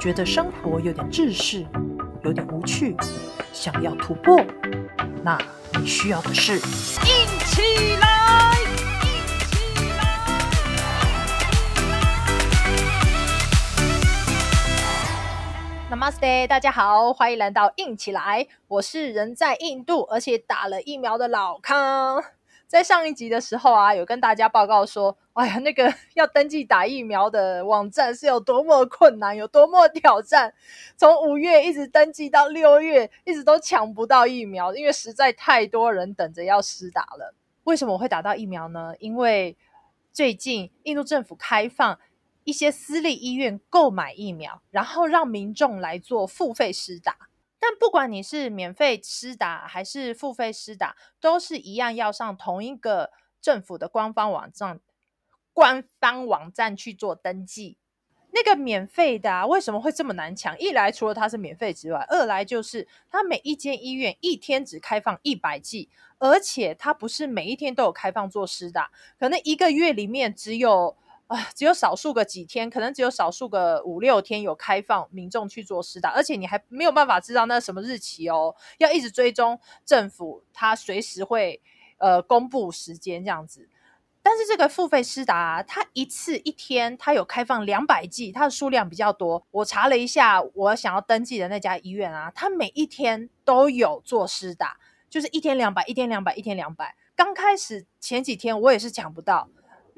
覺得生活有點窒息，有點無趣，想要突破，那你需要的是“硬起來”硬起來。Namaste，大家好，歡迎來到“硬起來”，我是人在印度而且打了疫苗的老康。在上一集的時候啊，有跟大家報告說，哎呀，那個要登記打疫苗的網站是有多麼困難，有多麼挑戰。從五月一直登記到六月，一直都搶不到疫苗，因為實在太多人等着要施打了。為什麼我會打到疫苗呢？因為最近印度政府開放一些私立醫院購買疫苗，然後讓民眾來做付費施打。但不管你是免費施打還是付費施打，都是一樣要上同一個政府的官方網站，官方網站去做登記。那個免費的啊，為什麼會這麼難搶？一來除了它是免費之外，二來就是它每一間醫院一天只開放一百劑，而且它不是每一天都有開放做施打，可能一個月裡面只有。啊、呃，只有少數個幾天，可能只有少數個五六天有開放民眾去做施打，而且你還沒有辦法知道那什麼日期哦，要一直追蹤政府，他隨時會呃公布時間這樣子。但是這個付費施打啊，它一次一天，它有開放兩百劑，它的數量比較多。我查了一下，我想要登記的那家醫院啊，它每一天都有做施打，就是一天兩百，一天兩百，一天兩百。剛開始前幾天我也是搶不到。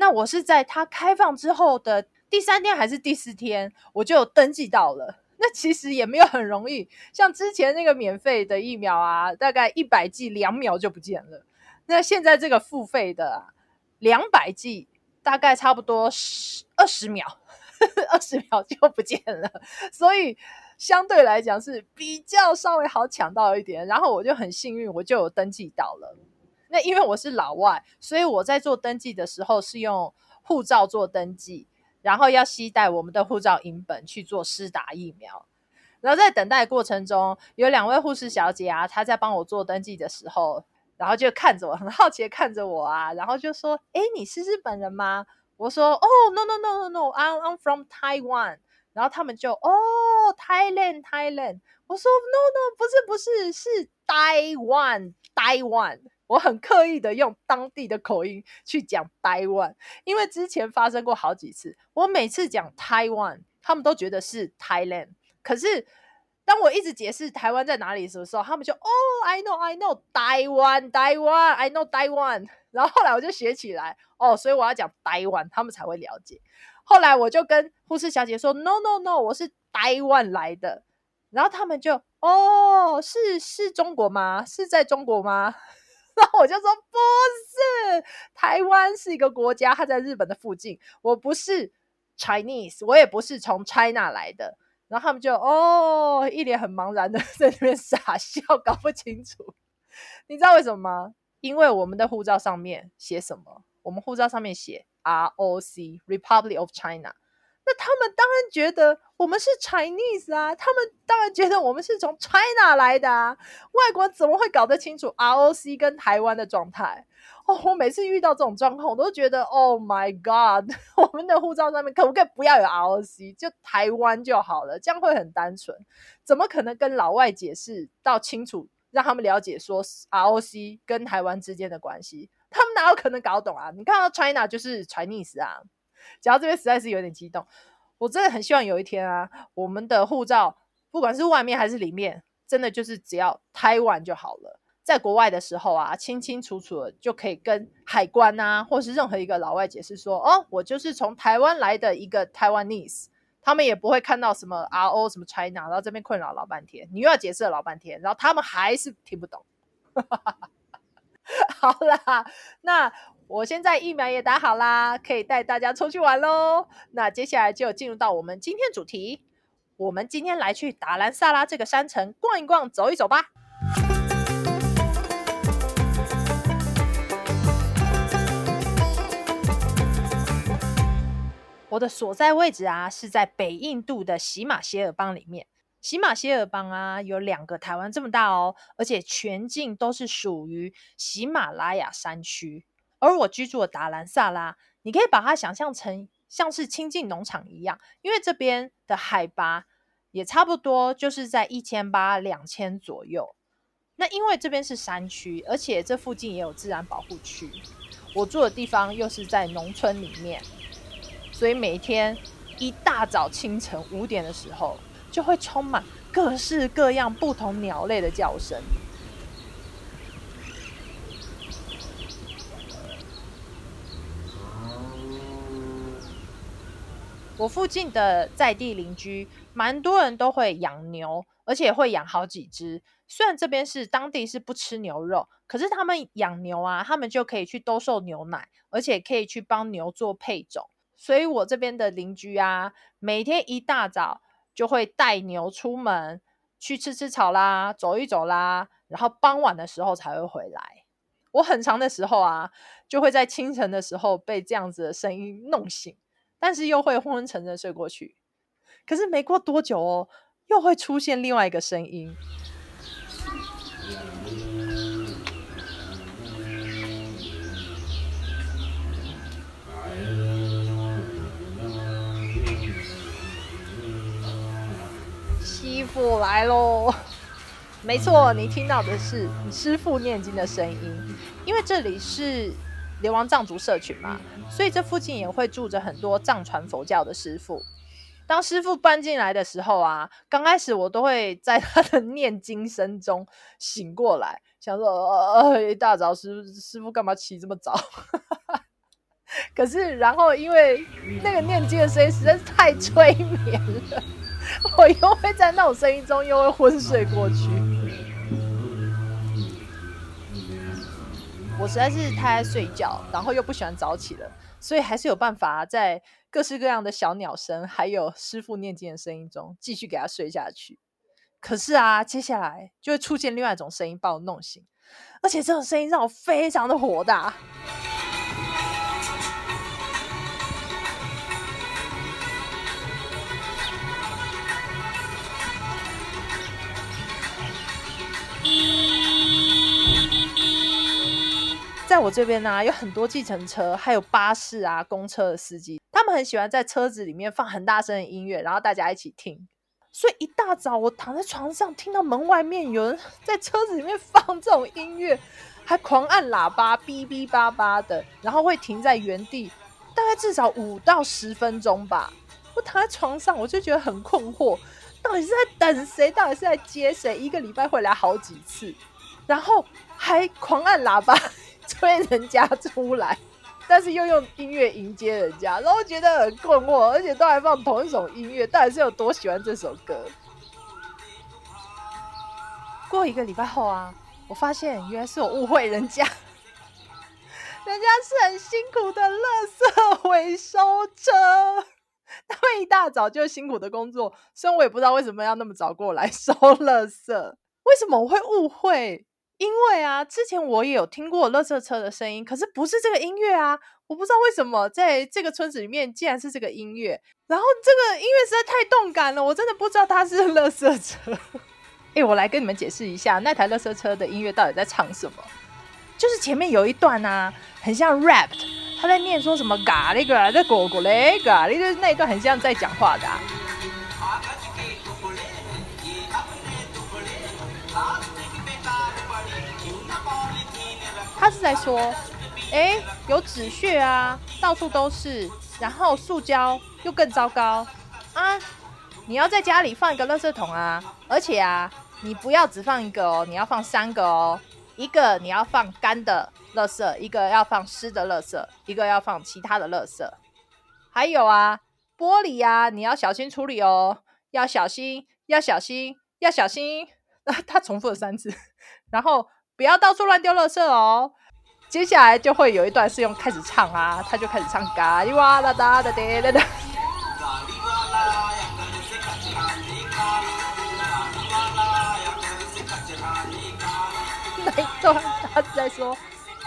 那我是在它開放之後的第三天還是第四天，我就有登記到了。那其實也沒有很容易，像之前那個免費的疫苗啊，大概一百劑兩秒就不見了。那現在這個付費的啊，兩百劑大概差不多十二十秒，二 十秒就不見了。所以相對來講是比較稍微好搶到一點。然後我就很幸運，我就有登記到了。那因為我是老外，所以我在做登記的時候是用護照做登記，然後要攜帶我們的護照影本去做施打疫苗。然後在等待過程中，有兩位護士小姐啊，她在幫我做登記的時候，然後就看着我，很好奇看着我啊，然後就說：“哎、欸，你是日本人嗎？”我說：“哦、oh,，no no no no no，I'm I'm from Taiwan。”然後他們就：“哦、oh,，Thailand Thailand。”我說：“No no，不是不是，是 Taiwan Taiwan。”我很刻意的用當地的口音去講台灣，因為之前發生過好幾次，我每次講台灣，他們都覺得是 Thailand。可是當我一直解釋台灣在哪裡的時候，他們就哦，I know I know Taiwan，Taiwan I know Taiwan。然後後來我就學起來哦，所以我要講 Taiwan，他們才會了解。後來我就跟護士小姐說，No No No，我是 Taiwan 來的。然後他們就哦，是是中國嗎？是在中國嗎？然後我就說不是，台灣是一個國家，它在日本的附近。我不是 Chinese，我也不是從 China 來的。然後他們就哦，一臉很茫然的在那邊傻笑，搞不清楚。你知道為什麼嗎？因為我們的護照上面寫什麼？我們護照上面寫 ROC，Republic of China。他們當然覺得我們是 Chinese 啊，他們當然覺得我們是從 China 來的啊。外國怎麼會搞得清楚 ROC 跟台灣的狀態？哦，我每次遇到這種狀況，我都覺得 Oh my God！我們的護照上面可不可以不要有 ROC，就台灣就好了，這樣會很單純。怎麼可能跟老外解釋到清楚，讓他們了解說 ROC 跟台灣之間的關係？他們哪有可能搞懂啊？你看到 China 就是 Chinese 啊。講到這邊實在是有點激動，我真的很希望有一天啊，我們的護照不管是外面還是裡面，真的就是只要台灣就好了。在國外的時候啊，清清楚楚的就可以跟海關啊，或是任何一個老外解釋說，哦，我就是從台灣來的一個 Taiwanese，他們也不會看到什麼 RO 什麼 China，然後這邊困擾老半天，你又要解釋老半天，然後他們還是聽不懂。 好啦，那。我現在疫苗也打好啦，可以帶大家出去玩嘍。那接下來就進入到我們今天主題，我們今天來去達蘭薩拉這個山城逛一逛、走一走吧。我的所在位置啊，是在北印度的喜馬偕爾邦裡面。喜馬偕爾邦啊，有兩個台灣這麼大哦，而且全境都是屬於喜馬拉雅山區。而我居住的達蘭薩拉，你可以把它想象成像是清境農場一樣，因為這邊的海拔也差不多，就是在一千八兩千左右。那因為這邊是山區，而且這附近也有自然保護區，我住的地方又是在農村裡面，所以每天一大早清晨五點的時候，就會充滿各式各樣不同鳥類的叫聲。我附近的在地鄰居，蠻多人都會養牛，而且會養好幾隻。雖然這邊是當地是不吃牛肉，可是他們養牛啊，他們就可以去兜售牛奶，而且可以去幫牛做配種。所以，我這邊的鄰居啊，每天一大早就會帶牛出門去吃吃草啦，走一走啦，然後傍晚的時候才會回來。我很常的時候啊，就會在清晨的時候被這樣子的聲音弄醒。但是又會昏昏沉沉睡過去，可是沒過多久哦，又會出現另外一個聲音。師父來嘍！沒錯，你聽到的是你師父念經的聲音，因為這裡是流亡藏族社群嘛。所以這附近也會住着很多藏傳佛教的師傅。當師傅搬進來的時候啊，剛開始我都會在他的念經聲中醒過來，想說，呃，一大早師傅師傅幹嘛起這麼早？ 可是然後因為那個念經的聲音實在是太催眠了，我又會在那種聲音中又會昏睡過去。我實在是太愛睡覺，然後又不喜歡早起了，所以還是有辦法在各式各樣的小鳥聲，還有師父念經的聲音中繼續給他睡下去。可是啊，接下來就會出現另外一種聲音把我弄醒，而且這種聲音讓我非常的火大。在我這邊呢啊，有很多計程車，還有巴士啊、公車的司機，他們很喜歡在車子裡面放很大聲的音樂，然後大家一起聽。所以一大早，我躺在床上，聽到門外面有人在車子裡面放這種音樂，還狂按喇叭，嗶嗶叭叭的，然後會停在原地，大概至少五到十分鐘吧。我躺在床上，我就覺得很困惑，到底是在等誰？到底是在接誰？一個禮拜會來好幾次，然後還狂按喇叭。催人家出來，但是又用音樂迎接人家，然後覺得很困惑，而且都還放同一首音樂，到底是有多喜歡這首歌？過一個禮拜後啊，我發現原來是我誤會人家，人家是很辛苦的垃圾回收車，他們一大早就辛苦的工作，所以我也不知道為什麼要那麼早過來收垃圾，為什麼我會誤會？因為啊，之前我也有聽過垃圾車的聲音，可是不是這個音樂啊！我不知道為什麼在這個村子裡面竟然是這個音樂，然後這個音樂實在太動感了，我真的不知道它是垃圾車。哎、 欸，我來跟你們解釋一下，那台垃圾車的音樂到底在唱什麼？就是前面有一段啊，很像 rap，他在念說什麼嘎那個狗狗那個那個，那一段很像在講話的、啊。他是在說，哎、欸，有紙屑啊，到處都是，然後塑膠又更糟糕，啊，你要在家裡放一個垃圾桶啊，而且啊，你不要只放一個哦，你要放三個哦，一個你要放乾的垃圾，一個要放濕的，的垃圾，一個要放其他的垃圾，還有啊，玻璃呀，啊，你要小心處理哦，要小心，要小心，要小心，啊，他重複了三次，然後。不要到處亂丟垃圾哦！接下來就會有一段是用開始唱啊，他就開始唱嘎啦啦的爹的。來段他在說：“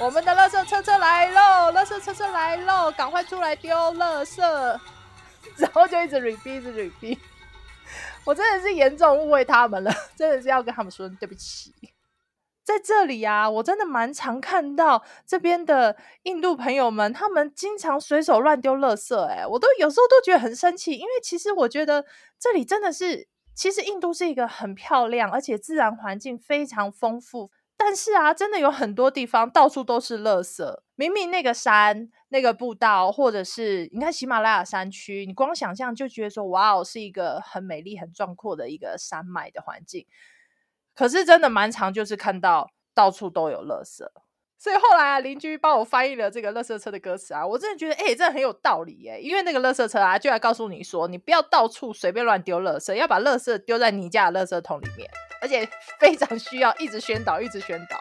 我們的垃圾車車來嘍，垃圾車車來嘍，趕快出來丟垃圾！”然後就一直 repeat，一直 repeat。 我真的是嚴重誤會他們了，真的是要跟他們說對不起。在這裡啊，我真的蠻常看到這邊的印度朋友們，他們經常隨手亂丟垃圾，欸，哎，我都有時候都覺得很生氣。因為其實我覺得這裡真的是，其實印度是一個很漂亮，而且自然環境非常豐富。但是啊，真的有很多地方到處都是垃圾。明明那個山、那個步道，或者是你看喜馬拉雅山區，你光想象就覺得說，哇哦，是一個很美麗、很壯闊的一個山脈的環境。可是真的蠻常，就是看到到處都有垃圾，所以後來啊，鄰居幫我翻譯了這個垃圾車的歌詞啊，我真的覺得，哎，真的很有道理耶！因為那個垃圾車啊，就來告訴你說，你不要到處隨便亂丟垃圾，要把垃圾丟在你家的垃圾桶裡面，而且非常需要一直宣導，一直宣導。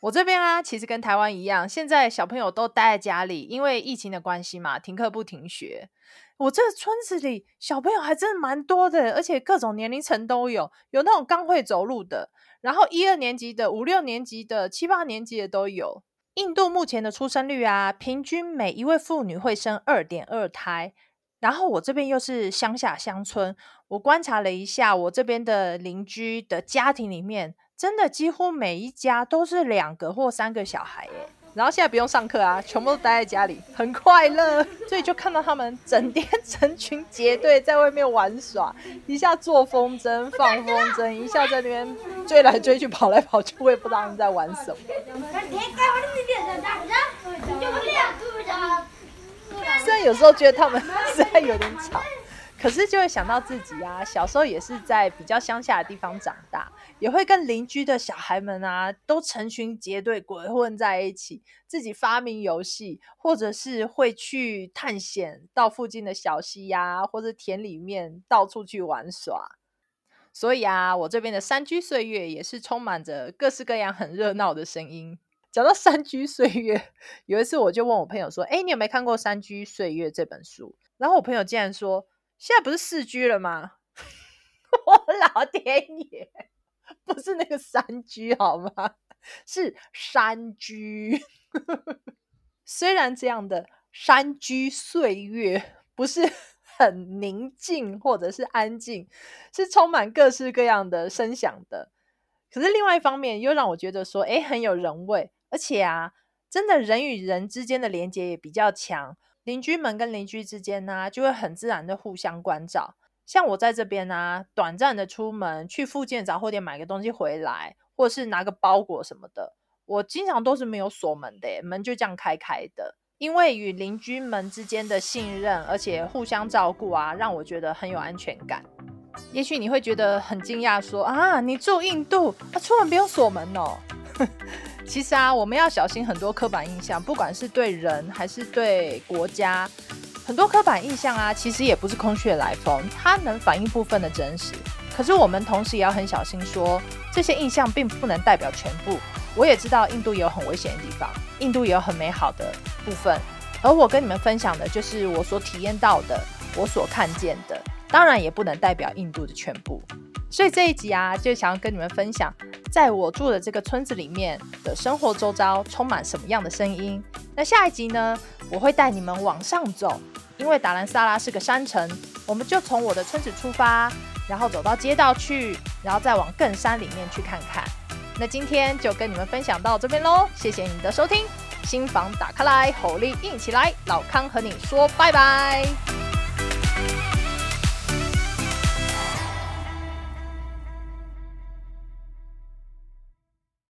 我這邊啊，其實跟台灣一樣，現在小朋友都待在家裡，因為疫情的關係嘛，停課不停學。我這村子裡小朋友還真的蠻多的，而且各種年齡層都有，有那種剛會走路的，然後一二年級的，五六年級的，七八年級的都有。印度目前的出生率啊，平均每一位婦女會生二點二胎。然後我這邊又是鄉下鄉村，我觀察了一下，我這邊的鄰居的家庭裡面，真的幾乎每一家都是兩個或三個小孩耶。然後現在不用上課啊，全部都待在家裡，很快樂。所以就看到他們整天成群結隊在外面玩耍，一下做風箏放風箏，一下在那邊追來追去跑來跑去，我也不知道他們在玩什麼。雖然 有時候覺得他們實在有點吵。可是就會想到自己啊，小時候也是在比較鄉下的地方長大，也會跟鄰居的小孩們啊，都成群結隊鬼混在一起，自己發明遊戲，或者是會去探險到附近的小溪呀、啊，或者田裡面到處去玩耍。所以啊，我這邊的山居歲月也是充滿着各式各樣很熱鬧的聲音。講到山居歲月，有一次我就問我朋友說：“誒，你有沒有看過《山居歲月》這本書？”然後我朋友竟然說，現在不是 4G 了嗎？ 我老天爺，不是那個 3G 好嗎？是山居。 雖然這樣的山居歲月不是很寧靜或者是安靜，是充滿各式各樣的聲響的。可是另外一方面，又讓我覺得說，誒、欸、很有人味，而且啊，真的人與人之間的連結也比較強。鄰居們跟鄰居之間呢、啊，就會很自然的互相關照。像我在這邊呢、啊，短暫的出門去附近雜貨店買個東西回來，或是拿個包裹什麼的，我經常都是沒有鎖門的，門就這樣開開的。因為與鄰居們之間的信任，而且互相照顧啊，讓我覺得很有安全感。也許你會覺得很驚訝，說啊，你住印度，啊，出門不用鎖門哦。 其實啊，我們要小心很多刻板印象，不管是對人還是對國家，很多刻板印象啊，其實也不是空穴來風，它能反映部分的真實。可是我們同時也要很小心說，說這些印象並不能代表全部。我也知道印度也有很危險的地方，印度也有很美好的部分。而我跟你們分享的，就是我所體驗到的，我所看見的。當然也不能代表印度的全部，所以這一集啊，就想要跟你們分享，在我住的這個村子裡面的生活，周遭充滿什麼樣的聲音。那下一集呢，我會帶你們往上走，因為達蘭薩拉是個山城，我們就從我的村子出發，然後走到街道去，然後再往更山裡面去看看。那今天就跟你們分享到這邊嘍，謝謝你的收聽，心房打開來，吼力硬起來，老康和你說拜拜。